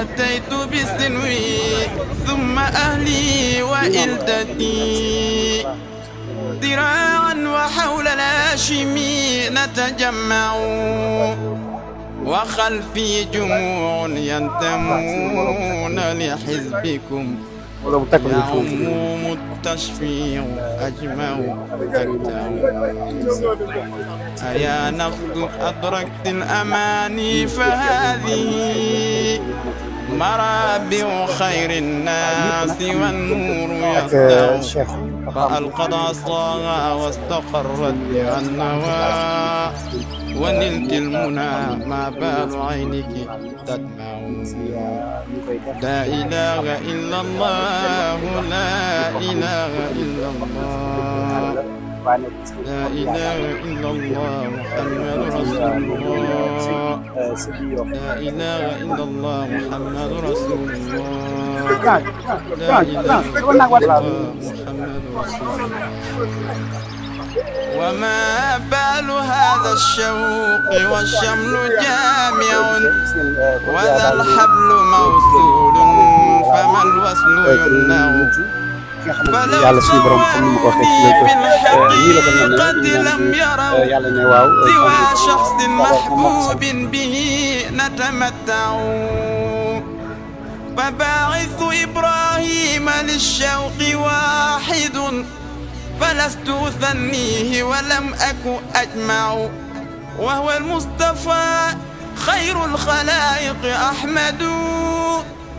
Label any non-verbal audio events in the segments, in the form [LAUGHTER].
أتيت بسنوي ثم أهلي وإلدتي ذراعا وحول الهاشمي نتجمع وخلفي جموع ينتمون لحزبكم يعم التشفيع أجمع أكتم أيا نفس أدركت الأماني فهذه marabiu xayri nnaasi wannuur yaxdaw fa alqada aslaaha wastaqarrat biannawa wa nilti lmuna ma baalu ayniki tadmaw laa ilaaha illa allah laa ilaaha illa allah Qur'ani la ilaha illallah muhammadur rasulullah la ilaha illallah muhammadur rasulullah la ilaha illallah muhammadur rasulullah وما بال هذا الشوق والشمل جامع وذا الحبل موصول فما الوصل يمنع nga xamante ni yàlla suñu borom comme ni ma ko waxee ci lañ ko euh, nii la ko ñaanee euh, yàlla ne waaw فباعث إبراهيم للشوق واحد فلست أثنيه ولم أك أجمع وهو المصطفى خير الخلائق أحمد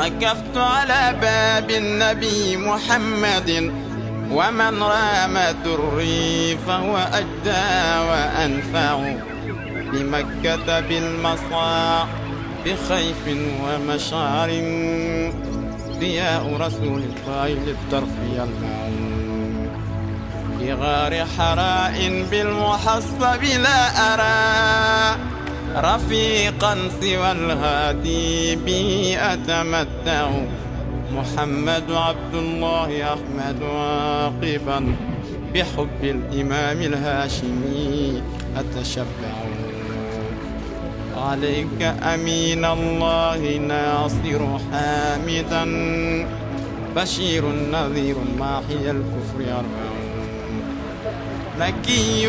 عكفت على باب النبي محمد ومن رام دري فهو أجدى وأنفع بمكة بالمصاع بخيف ومشعر ضياء رسول الله للطرف يلمع في غار حراء بالمحصب لا أرى رفيقا سوى الهادي به أتمتع محمد عبد الله أحمد واقبا بحب الإمام الهاشمي أتشبع عليك أمين الله ناصر حامدا بشير نذير ماحي الكفر أربع مكي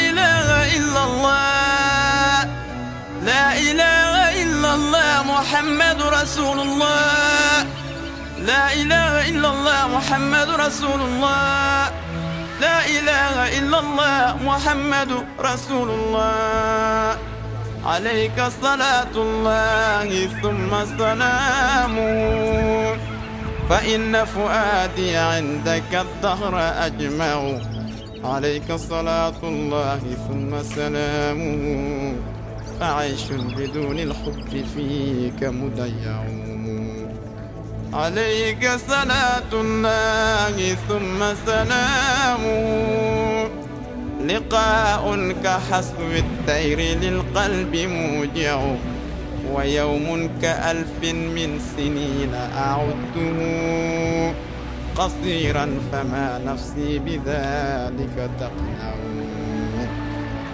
الله محمد رسول الله لا إله إلا الله محمد رسول الله لا إله إلا الله محمد رسول الله عليك صلاة الله ثم سلامه فإن فؤادي عندك الدهر أجمع عليك صلاة الله ثم سلامه أعيش بدون الحب فيك مضيع عليك صلاة الله ثم سلام لقاء كحسب الطير للقلب موجع ويوم كألف من سنين أعده قصيرا فما نفسي بذلك تقنع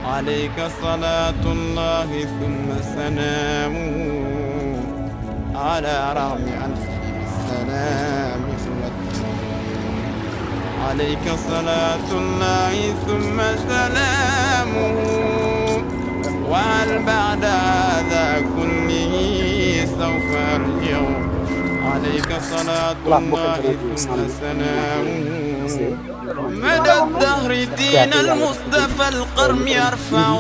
عليك صلاة الله ثم سلامه على رغم أنفه السلام عليك صلاة الله ثم سلامه وهل بعد هذا كله سوف أرجعه عليك صلاة الله حسنا مدى الدهر دين المصطفى القرم يرفع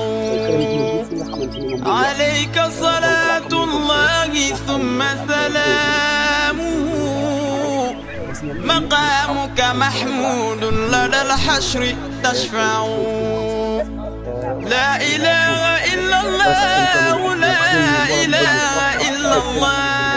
عليك صلاة الله ثم سلامه مقامك محمود لدى الحشر تشفع لا إله إلا الله لا إله إلا الله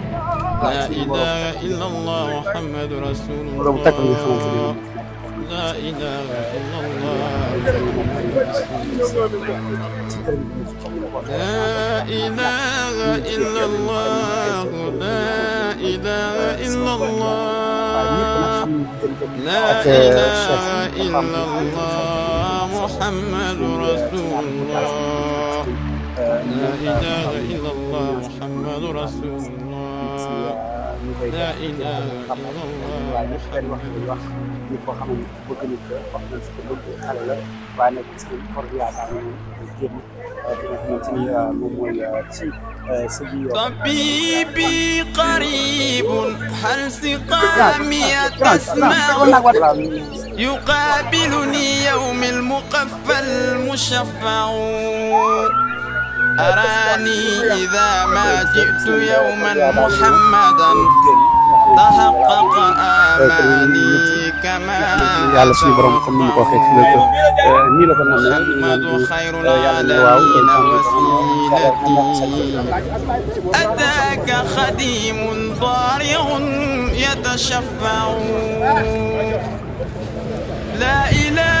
laa ilaaha illallah muhammadu rasulullah rasulullah ñu koy def xam na waaye nag benn wax bi wax ñi ko xam ne bëgg na ko wax na si ko bëgg xale la waaye nag gis nañ coordination bi jéem bi nga xamante ni moom mooy ci sëñ yi tabibi qarib hal siqami tasma yuqabiluni yawm al muqaffa al mushaffa أراني إذا ما جئت يوما محمدا تحقق آماني كما yàlla suñu borom comme ni mu ko waxee ci lépp nii la ko naan محمد خير العالمين وسيلتي أتاك خديم ضارع يتشفع لا إله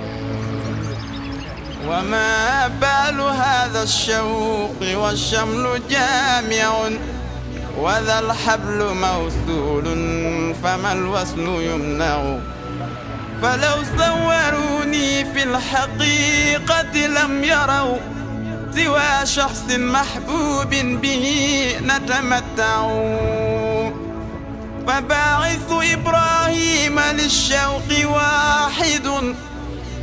وما بال هذا الشوق والشمل جامع وذا الحبل موصول فما الوصل يمنع فلو صوروني في الحقيقة لم يروا سوى شخص محبوب به نتمتع فباعث إبراهيم للشوق واحد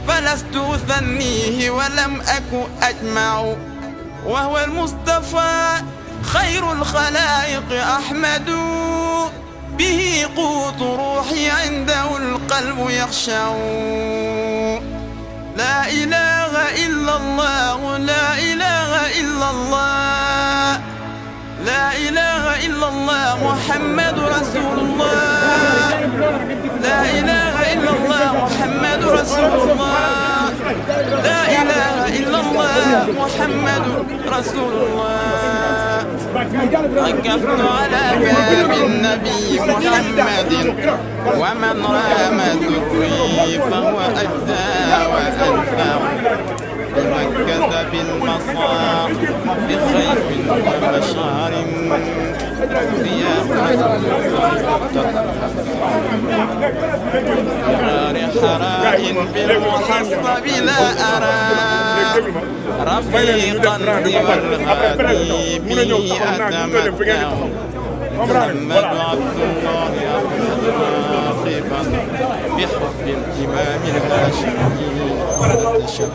فلست أثنيه ولم أك أجمع وهو المصطفى خير الخلائق أحمد به قوت روحي عنده القلب يخشع لا إله إلا الله لا إله إلا الله لا إله إلا الله محمد رسول الله لا إله إلا الله محمد رسول الله لا إله إلا الله محمد رسول الله وقفت على باب النبي محمد ومن رام الدري فهو أجدى وأنفع وكذا بالمصاب بخيف وبشار بيار حراء بالمحصب لا أرى رفيقا سوى الهادي بي أتمتع محمد عبد الله راقبا بحب الإمام الهاشمي تشبه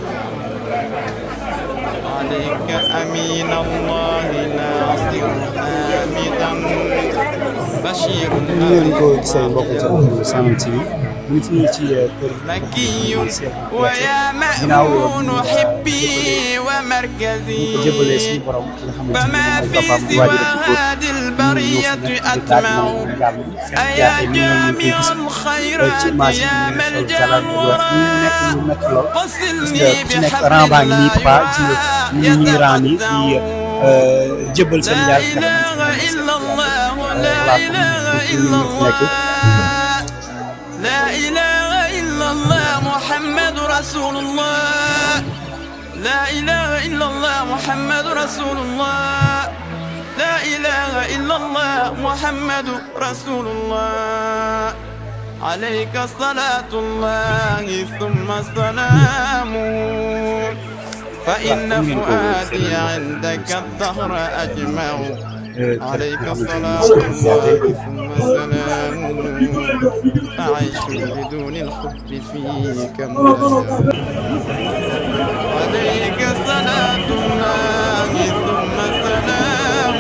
عليك أمين الله ناصر حامدا بشير مكي ويا مأمون حبي ومركزي فما في سوى هذه البرية أتمع أيا جامع الخيرات يا ملجأ وقصني بحبل الله ñi ñi raam yi di euh, jëbal seen jaar nga xam عليك صلاة الله ثم السلام فإن فؤادي عندك الظهر أجمع عليك الصلاة ثم السلام أعيش بدون الحب فيك منجم عليك صلاة الله ثم سلام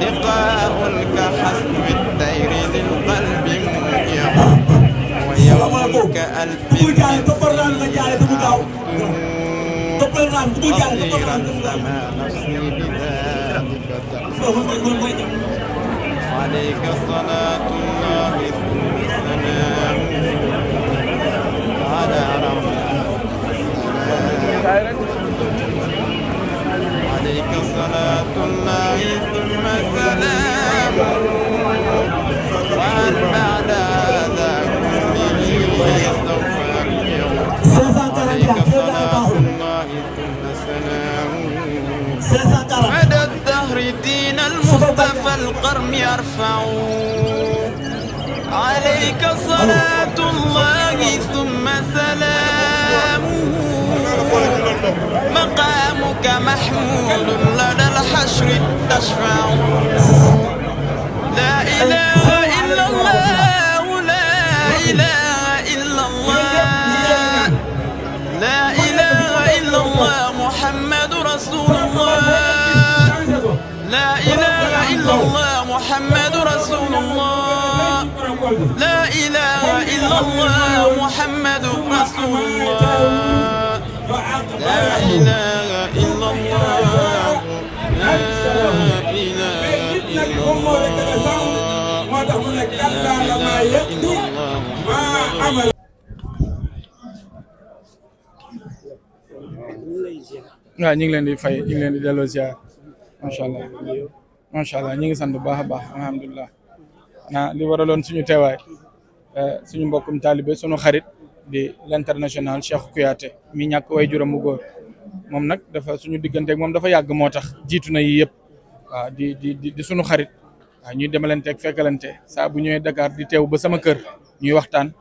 لقاؤك حسب الدير للقلب منجع ويومك ألف naan bu dul yàlla dafa naan dafa naan. soo ko koy loolu mooy jàpp. alayka salaatu llahi salaam ala rasulillah alayka salaatu llahi summa salaam wa an ba'da daa kullihi sawfa 544 président Bakhoum 540 المصطفى القرم يرفع عليك صلاة الله ثم سلامه مقامك محمود لدى الحشر تشفع لا إله إلا الله لا إله لا إله إلا الله محمد رسول الله لا إله إلا الله لا إله إلا الله waaw ñu ngi leen di fay ñu ngi leen di delloo ziar macha allah macha allah ñu ngi sant bu baax a baax alhamdulilah. ah li waraloon suñu teewaay eh, suñu mbokkum taalibe suñu xarit di l'international Cheikh Kouyaté mi ñàkk way juróom bu góor moom nag dafa suñu diggante moom dafa yàgg moo tax jiitu na yi yëpp waaw ah, di di di suñu xarit waaw ah, ñuy demalanteeg fekkalante bu ñëwee Dakar di teew ba sama kër ñuy waxtaan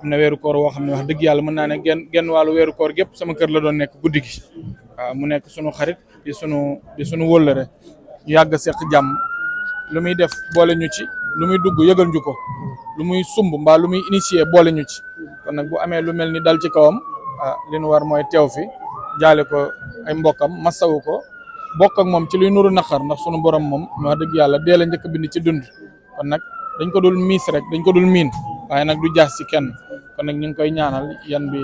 am na weeru koor woo xam ne wax dëgg yàlla mën naa ne genn genn wàllu weeru koor gépp sama kër la doon nekk guddi gi ah, mu nekk suñu xarit di suñu wóllëre ñu yàgg seq jàmm lu muy def boole ñu ci lu muy dugg yëgal ñu ko lu muy sumb mbaa lu muy initier boole ñu ci kon nag bu amee lu mel ni dal ci kawam ah li nu war mooy teew fi jaale ko ay mbokkam masawu ko bokk ak moom ci luy nuru naqar ndax sunu borom moom wax dëgg yàlla dee la njëkk bind ci dund kon nag dañ ko dul miis rek dañ ko dul miin waaye nag du jaas ci kenn kon nag ñu ngi koy ñaanal yan bi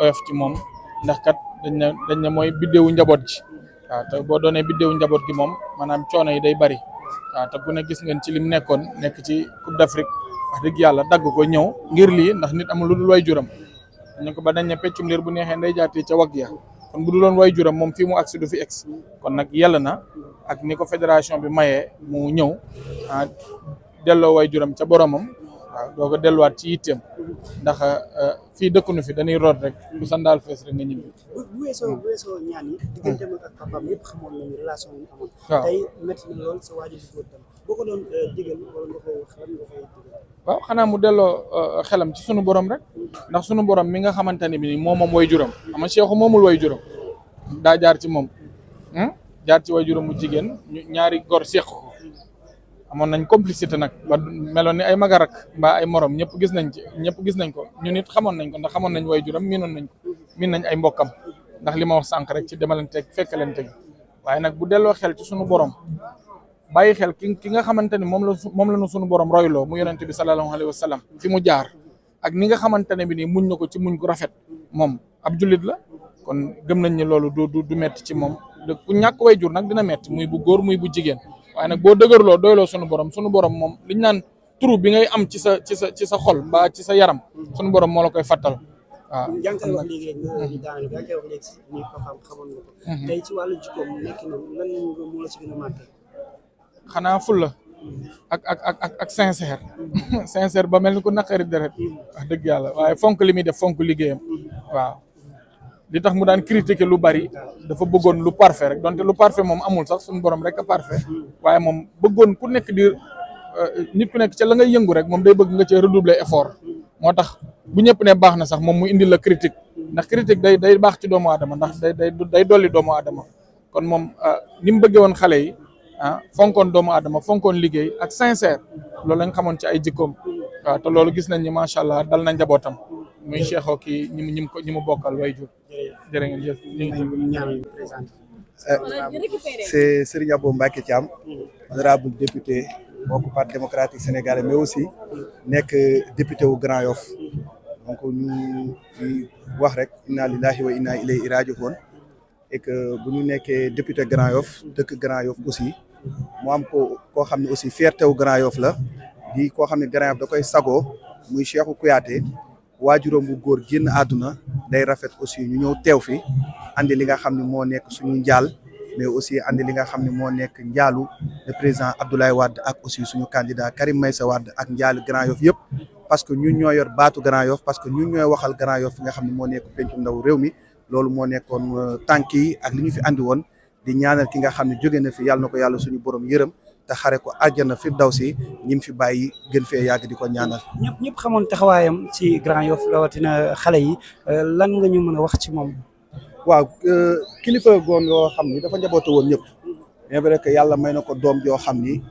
oyof ci moom ndax kat dañ ne dañ ne mooy biddéewu njaboot ji waaw te boo doonee biddéewu njaboot gi moom maanaam coono yi day bari waaw ah, te bu ne gis ngeen ci lim nekkoon nekk ci Coupe d'Afrique wax dëgg yàlla dagg ko ñëw ngir lii ndax nit amul lu dul way juram ñu ko ba dañ ne peccum liir bu neexee nday jaatee ca wag ya kon bu duloon way juram moom fii mu agsi fi ex kon nag yàlla na ak ni ko fédération bi mayee mu ñëw ah delloo way juram ca boromam doog a delluwaat ci yitteem ndax euh, fii nu fi dañuy root rek bu sandaal fees rek nga ñibbi. bu sa waajur góor tam boo ko euh, xanaa mu delloo euh, xelam ci sunu borom rek ndax sunu borom mi nga xamante ne bii moom moom way juróom ama Cheikh moomul way juróom daa jaar ci moom hmm? jaar ci way juróom mu jigéen ñaari góor seq amoon nañ complicité nag ba meloon ni ay magarak mba ay moroom ñëpp gis nañ ci ñëpp gis nañ ko ñun it xamoon nañ ko ndax xamoon nañ way juram miinoon nañ min nañ ay mbokkam ndax li ma wax sànq rek ci demalanteeg fekkalanteeg waaye nag bu delloo xel ci sunu borom bàyyi xel ki ki nga xamante ni moom la moom la nu sunu borom royloo mu yonente bi sallallahu alayhi fi mu jaar ak ni nga xamante ne bi nii muñ na ko ci muñ gu rafet moom ab julit la kon gëm nañ ni loolu du du metti ci moom ku ñàkk way jur nag dina metti muy bu góor muy bu jigéen waaye nag boo dëgërloo doyloo sunu borom sunu borom moom li ñu naan turu bi ngay am ci sa ci sa ci sa xol mbaa ci sa yaram sunu borom moo la koy fàttal waaw yaa ngi koy ci wàllu jikkoom nekk la ci gën a màtte ak ak ak mhm. [LAUGHS] ba mel ni ku naqari deret mhm. wax dëgg yàlla waaye fonk li muy def fonk liggéeyam mhm. waaw li tax mu daan critiquer lu bari dafa bëggoon lu parfait rek donte lu parfait moom amul sax suñu borom rek a parfait waaye moom bëggoon ku nekk di euh, nit ku nekk ca la ngay yëngu rek moom day bëgg nga cee redoubler effort moo tax bu ñëpp ne baax na sax moom mu indi la critique ndax critique day day baax ci doomu aadama ndax day day day dolli doomu adama kon moom euh, ni mu bëggee woon xale yi ah fonkoon doomu aadama fonkoon liggéey ak sincère loolu la nga xamoon ci ay jikkoom waaw te loolu gis nañ ni macha allah dal na njabootam. mu ñi mu ñi mu bokkal way jur jërë ngeen jëf ñu ngi c'est Serigne Abo Mbacké Thiam honorable député bokk parti démocratique sénégalais mais aussi nekk député wu Grand Yoff donc ñu wax rek inna lillahi wa inna ilayhi raji'un et que bu ñu nekkee député Grand Yoff dëkk Grand Yoff aussi mu am ko koo xam ne aussi fierté wu Grand Yoff la di koo xam ne Grand Yoff da koy sagoo muy Cheikhou Kouyaté waajuram bu góor génn àdduna day rafet aussi ñu ñëw teew fi andi li nga xam ne moo nekk suñu njaal mais aussi andi li nga xam ne moo nekk njaalu le président Abdoulaye Wade ak aussi suñu candidat Karim Meïssa Wade ak njaalu Grand Yoff yëpp parce que ñun ñoo yor baatu Grand Yoff parce que ñun ñooy waxal Grand Yoff fi nga xam ne moo nekk pencum ndaw réew mi loolu moo nekkoon euh, tànk yi ak li ñu fi indi woon di ñaanal ki nga xam ne jóge na fi yàlla na ko yàlla suñu borom yërëm te xare ko àjjana fi daw si ñi fi bàyyi gën fee yàgg di ko ñaanal. ñëpp ñëpp xamoon taxawaayam ci Grand Yoff rawatina xale yi euh, lan nga ñu mën a wax ci moom. waaw euh, kilifa goon yoo xam ni dafa njabootu woon ñëpp. mais vrai que yàlla may na ko doom joo xam ni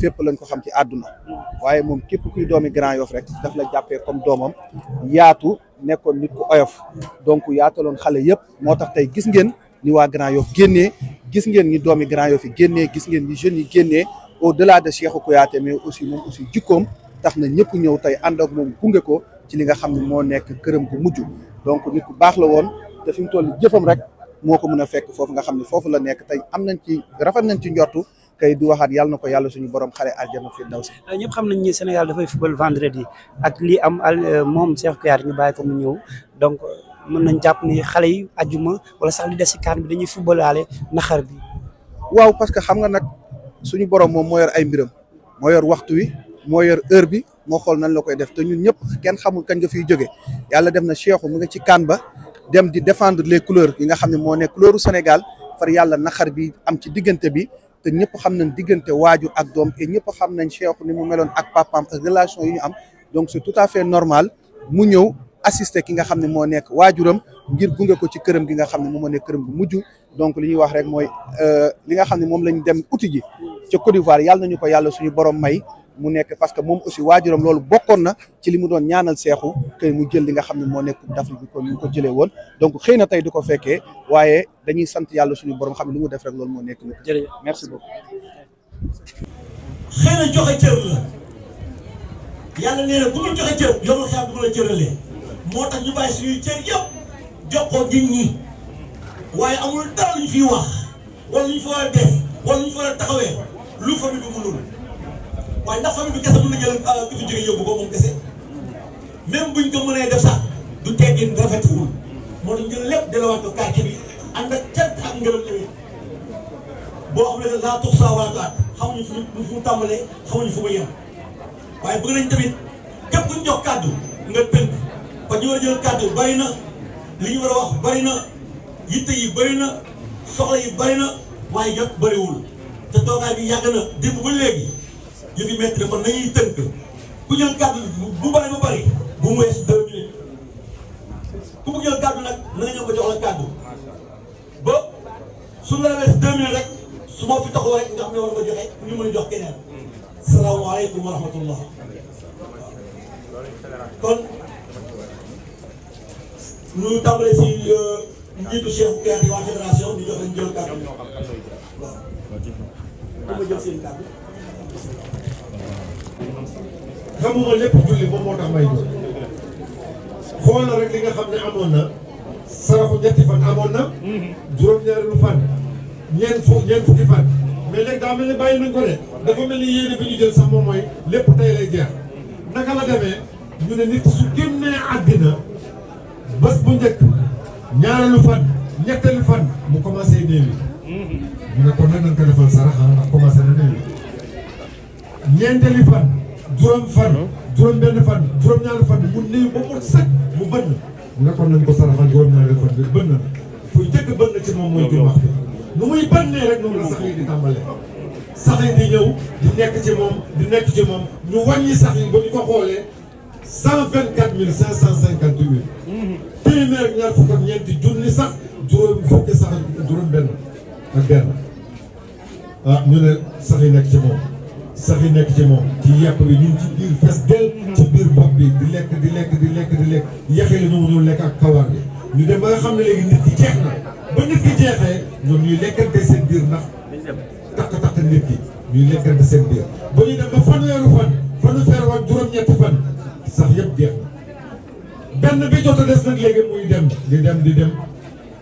fépp lañ ko xam ci àdduna. waaye moom képp kuy doomi Grand Yoff rek daf la jàppee comme doomam yaatu nekkoon nit ku oyof donc yaataloon xale yëpp moo tax tey gis ngeen. ni waa Grand Yoff génnee gis ngeen ni doomi Grand Yoff yi génnee gis ngeen ni jeunes yi génnee au delà de Cheikhou Kouyaté mais aussi moom aussi jikkoom tax na ñëpp ñëw tey ànd ak ko ci li nga xam moo nekk këram bu mujj donc nit ku baax la woon te fi mu toll jëfam rek moo ko mën a fekk foofu nga xam ne foofu la nekk tey am nañ ci rafet nañ ci njortu kay di waxaat yàlla na ko yàlla suñu borom xale aljana fi daw si euh, ñëpp xam nañ ni Sénégal dafay football vendredi ak lii am al euh, moom Cheikhou Kouyaté ñu bàyyi ko mu ñëw donc mën nañ jàpp ni xale yi ajuma wala sax li des si kaan bi dañuy footballaale naxar bi. waaw parce que xam nga nag suñu borom moom moo yor ay mbiram moo yor waxtu wi moo yor heure bi moo xool nan la koy def te ñun ñëpp kenn xamul kañ nga fiy jóge yàlla def na Cheikhou mu nga ci kaan ba dem di défendre les couleurs yi nga xam ne moo ne couleuru Sénégal far yàlla naxar bi am ci diggante bi. ñëpp xam nañ diggante waajur ak doom te ñëpp xam nañ Cheikhou ni mu meloon ak papaam ak relation yu ñu am donc c'est tout à fait normal mu ñëw assister ki nga xam ne moo nekk waajuram ngir gunge ko ci këram gi nga xam ne moom moo nekk këram bu mujj donc li ñuy wax rek mooy euh, li nga xam ne moom lañ dem uti ji ca Côte d'Ivoire yàlla nañu ko yàlla suñu borom may mu nekk parce que moom aussi waajuram loolu bokkoon na ci li mu doon ñaanal seexu kay mu jël li nga xam ne moo nekk Coupe d'Afrique bi ko ñu ko jëlee woon donc xëy na tey du ko fekkee waaye dañuy sant yàlla suñu borom xam ne lu mu def rek loolu moo nekk na jërëjëf merci beaucoup moo tax ñu bàyyi suñuy cër yëpp jox ko nit ñi waaye amul dara lu ñu fiy wax wala lu ñu fa war a lu ñu fa war a lu famille bi mënul waaye ndax famille bi kese fi euh, jógee yóbbu ko moom kese même buñ ko mënee du teggin rafetuwul moo tax lépp dalawaat ko xam ne laa tux saa wala taat xamuñu fu fu mu tàmbalee xamuñu fu mu yem waaye bëgg nañ tamit képp kuñ kàddu nga tënk. kon ñu war a jël kàddu bari na li ñu war a wax bari na yitte yi bari na soxla yi bari na waaye yëpp bariwul te toogaay bi yàgg na démb ba léegi ñu fi métti kon nañuy tënk ku jël kàddu bu bari ba bari bu mu wees deux minutes ku mu jël kàddu nag na ñëw ba jox la kàddu su la su ma fi taxaw rek ne ñu mën jox keneen salaamaaleykum wa rahmatullah ñu tàmbalee si euh, njiitu chef Kouyaté waa fédération lépp julli li nga xam ne amoon na saraxu ñetti fan amoon na juróom mais léegi daa de dafa mel ñu jël sax moom mooy lépp tey lay ñu nit su génnee àddina bés bu njëkk ñaareelu fan ñetteelu fan mu commencé néew yi ñu ne kon nag nañ ko defal sarax ah, ndax commencé na néew yi ñeenteelu fan juróom fan juróom benn fan juróom ñaari fan mu néew ba mu set mu nañ ko saraxal juróom ñaari fan bi bënn na fuy njëkk bënn ci moom muy bënnee rek noonu di nekk ci moom di nekk ci sax yi ba ñu ko xoolee cent vingt quatre mille cinq cent cinquante huit téeméer ñaar fukk ak ñeenti junni sax juróom fukki sax ak juróom benn ak benn ah ñu ne sax yi nekk ci moom sax yi nekk ci moom ci yàpp bi ñu ci biir fes del ci biir bopp bi di lekk di lekk di lekk di lekk yaxi la ñu mënul lekk ak kawar bi ñu dem ba nga xam ne léegi nit ki jeex na ba nit ki jeexee ñoom ñuy lekkante seen biir ndax takk-takk nit ki ñuy lekkante seen biir ba ñu dem ba fanweeru fan fanu feer waat juróom-ñetti fan sax yëpp jeex benn bi jot a des nag léegi muy dem di dem di dem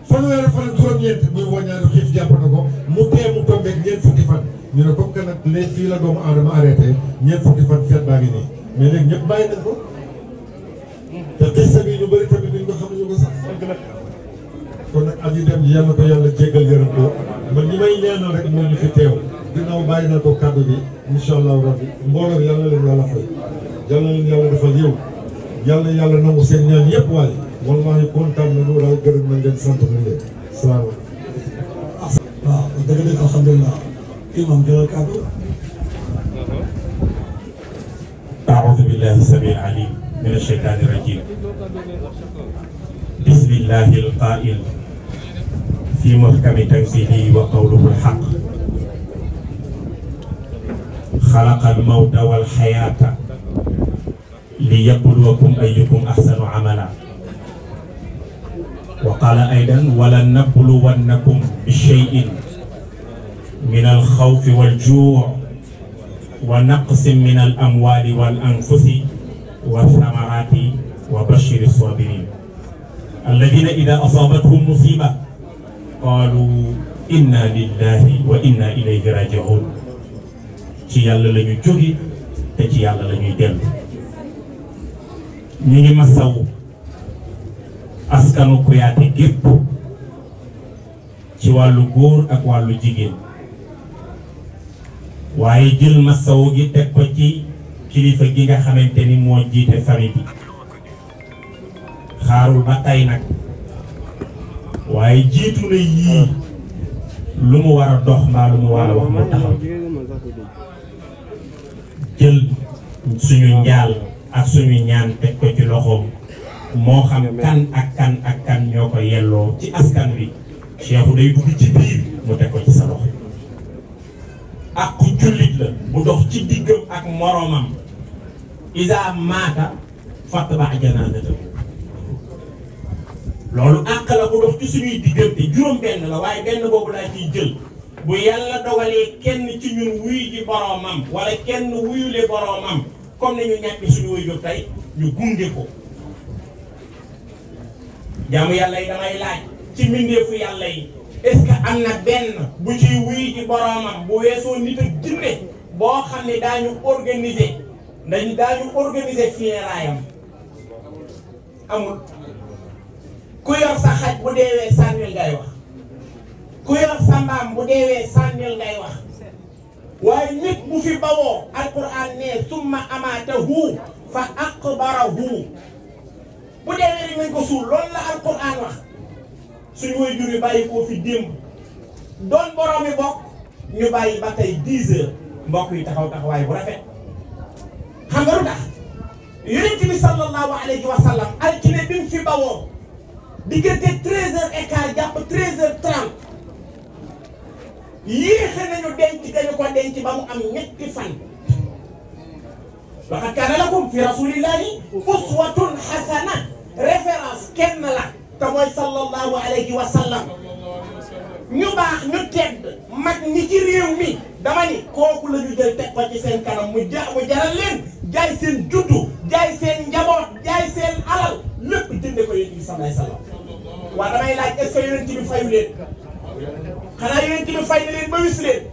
fanweeri fan juróom-ñeent muy wàññaatu xiif jàpp na ko mu tee mu ñeent fukki fan ñu ne comme que nag la doomu aadama arrêté baa ngi nii mais léegi ñëpp bàyyi nañ ko te xista bi ñu bëri tamit duñ ko xam ñu ko sax kon dem ji yàlla ko yàlla jéggal yërëm ko man ñi may ñaanal rek moo ñu fi teew ginnaaw bàyyi na ko kàddu bi incha allahu rabbi mbooloo yàlla leen yàlla fay yàlla leen yàlla defal yow yàlla yàlla nangu seen ñaan yëpp waaye wallahi kontaan nañu daal gërëm nañ leen sant nañ leen salaamaaleykum. waaw dëgg dëgg alhamdulilah imam jëlal kàddu. أعوذ بالله السميع العليم من الشيطان الرجيم بسم الله القائل في محكم تنزيله وقوله الحق خلق الموت والحياة li yabluwakum ayyukum ahsanu amala wa qala aydan wala nabluwannakum bi shay'in min alxawfi waljuu wa naqsin min al amwali wal anfusi wa thamarati wa bashiri sabirin alladina ida asabathum musiba qaalu inna lillahi wa inna ilayhi rajiun ci yàlla la ñu jóge te ci yàlla la ñuy dellu ñu ngi masawu askanu Kuyaate gépp ci wàllu góor ak wàllu jigéen waaye jël masawu gi teg ko ci kilifa gi nga xamante ni moo jiite famille bi xaarul ba tey nag waaye jiitu na yii lu mu war a dox mbaa lu mu war wax mu taxaw jël suñu njaal ak suñu ñaan teg ko ci loxoom moo xam kan ak kan ak kan ñoo ko yelloo ci askan wi Cheikhou day dugg ci biir mu teg ko ci sa loxo ak jullit la bu dox ci diggam ak moroomam isa maata fatba janaazatahu loolu àq la bu dox ci suñuy diggante juróom benn la waaye benn boobu laa ciy jël bu yàlla dogalee kenn ci ñun wuyu ji boroomam wala kenn wuyule boroomam comme ni ñu ñàkkee suñu waajur tey ñu gunge ko jaamu yàlla yi damay laaj ci mbindeefu yàlla yi est-ce que am na benn bu ciy wuy ci boroomam bu weesoo nit ak jinne boo xam ne daañu organiser dañ daañu organiser funéraayam ku yor sa xaj bu deewee sànnil ngay wax ku yor sa mbaam bu deewee sànnil ngay wax waaye nit bu fi bawoo alquran ne summa amaatahu fa aqbarahu bu dee ne nañ ko suul loolu la alquran wax suñu way juri bàyyi koo fi démb doon boroomi bokk ñu bàyyi ba tey 10 heures mbokk yi taxaw taxawaay bu rafet xam nga lu tax yonent bi sallallahu alayhi wa sallam altine bi mu fi bawoo diggante 13 heures et quart jàpp 13 heures yéexe nañu denc dañu ko denc ba mu am ñetti fan laqad kaana lakum fi rasulillahi uswatun hasana référence kenn la te mooy sallallahu alayhi wa sallam ñu baax ñu tedd mag ñi ci mi dama ni kooku la ñu jël teg ko ci seen kanam mu jaral leen jaay seen juddu jaay seen njaboot jaay seen alal lépp jënde ko yéen bi sallallahu alayhi wa damay laaj est-ce que yonent bi leen xanaa yonent bi fay na leen ba wis leen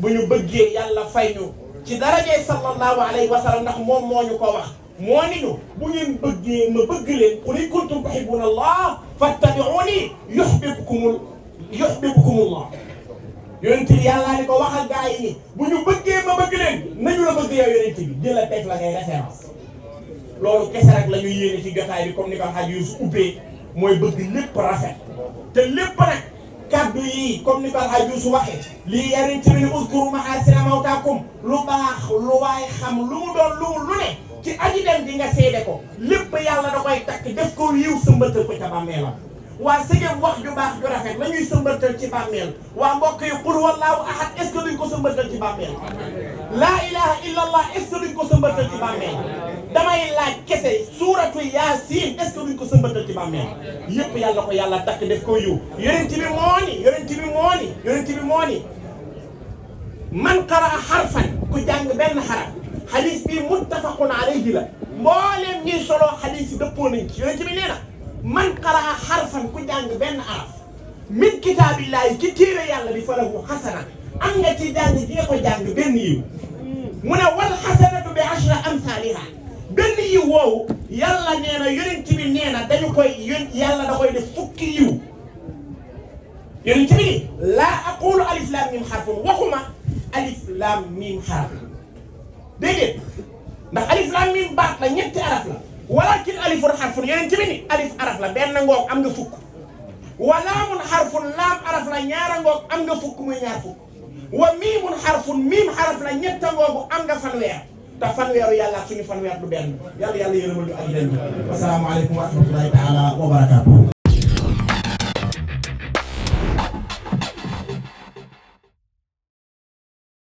bu ñu bëggee yàlla fay ñu ci darajee sallallahu alayhi wa sallam ndax moom moo ñu ko wax moo ni ñu bu ngeen bëggee ma bëgg leen qul in kuntum tuhibbuna allah fattabi'uni yuhbibkumul yuhbibkumullah yonent ko waxal gaa yi ni bëggee ma bëgg leen nañu la bëgg yow yonent bi di la teg la ngay référence loolu kese rek la ñu ci jotaay bi comme ni ko xaj Yuusu ubbee mooy bëgg lépp rafet te lépp rek kaddu yi comme ni ko ay Yuusu waxee lii yariñ ci biir uskuru mahaasina mawtaakum lu baax lu waay xam lu mu doon lu lu ne ci aji dem di nga seede ko lépp yàlla da koy takk def ko yiw sëmbatal ko ca bàmmeelam waa sëgëm wax ju baax ju rafet la ñuy ci bàmmeel waa mbokk yi qul wallaahu ahad est-ce que duñ ko sëmbatal ci bàmmeel laa ilaha illallah est ce que duñ ko sëmbatal ci bàmmeel damay laaj kese suuratu yaasiin est ce que duñ ko sëmbatal ci bàmmeel yëpp yàlla ko yàlla takk def ko yiw yonent bi moo ni yonent bi moo ni yonent bi moo ni man qaraa xarfan ku jàng benn xaraf xadis bi muttafaqun alayhi la mboolem ñuy solo xadis yi dëppoo nañ ci yonent bi nee na man qaraa xarfan ku jàng benn araf min kitaabillahi ci téere yàlla bi falahu xasana am nga ci jàng ji nga ko jàng benn yiw mu ne wal xasanatu bi ashra amsaaliha benn yiw woowu yàlla nee na yonent bi nee na dañu koy yon yàlla da koy def fukki yiw yonent bi ni laa aqulu alif laam miim xarfun waxuma alif laam miim xarf ndax alif laam miim baat la benn ngoog am nga fukk walaamun xarfun laam araf la ñaara ngoog am nga fukk muy ñaar fukk wa miimun xarfun miim xaraf la ñetta ngoogu am nga fanweer te fanweeru yàlla ak suñu fanweer du benn yàlla yàlla yërëmal ñu ak yéen. asalaamaaleykum wa rahmatulahi taala wa barakaatu.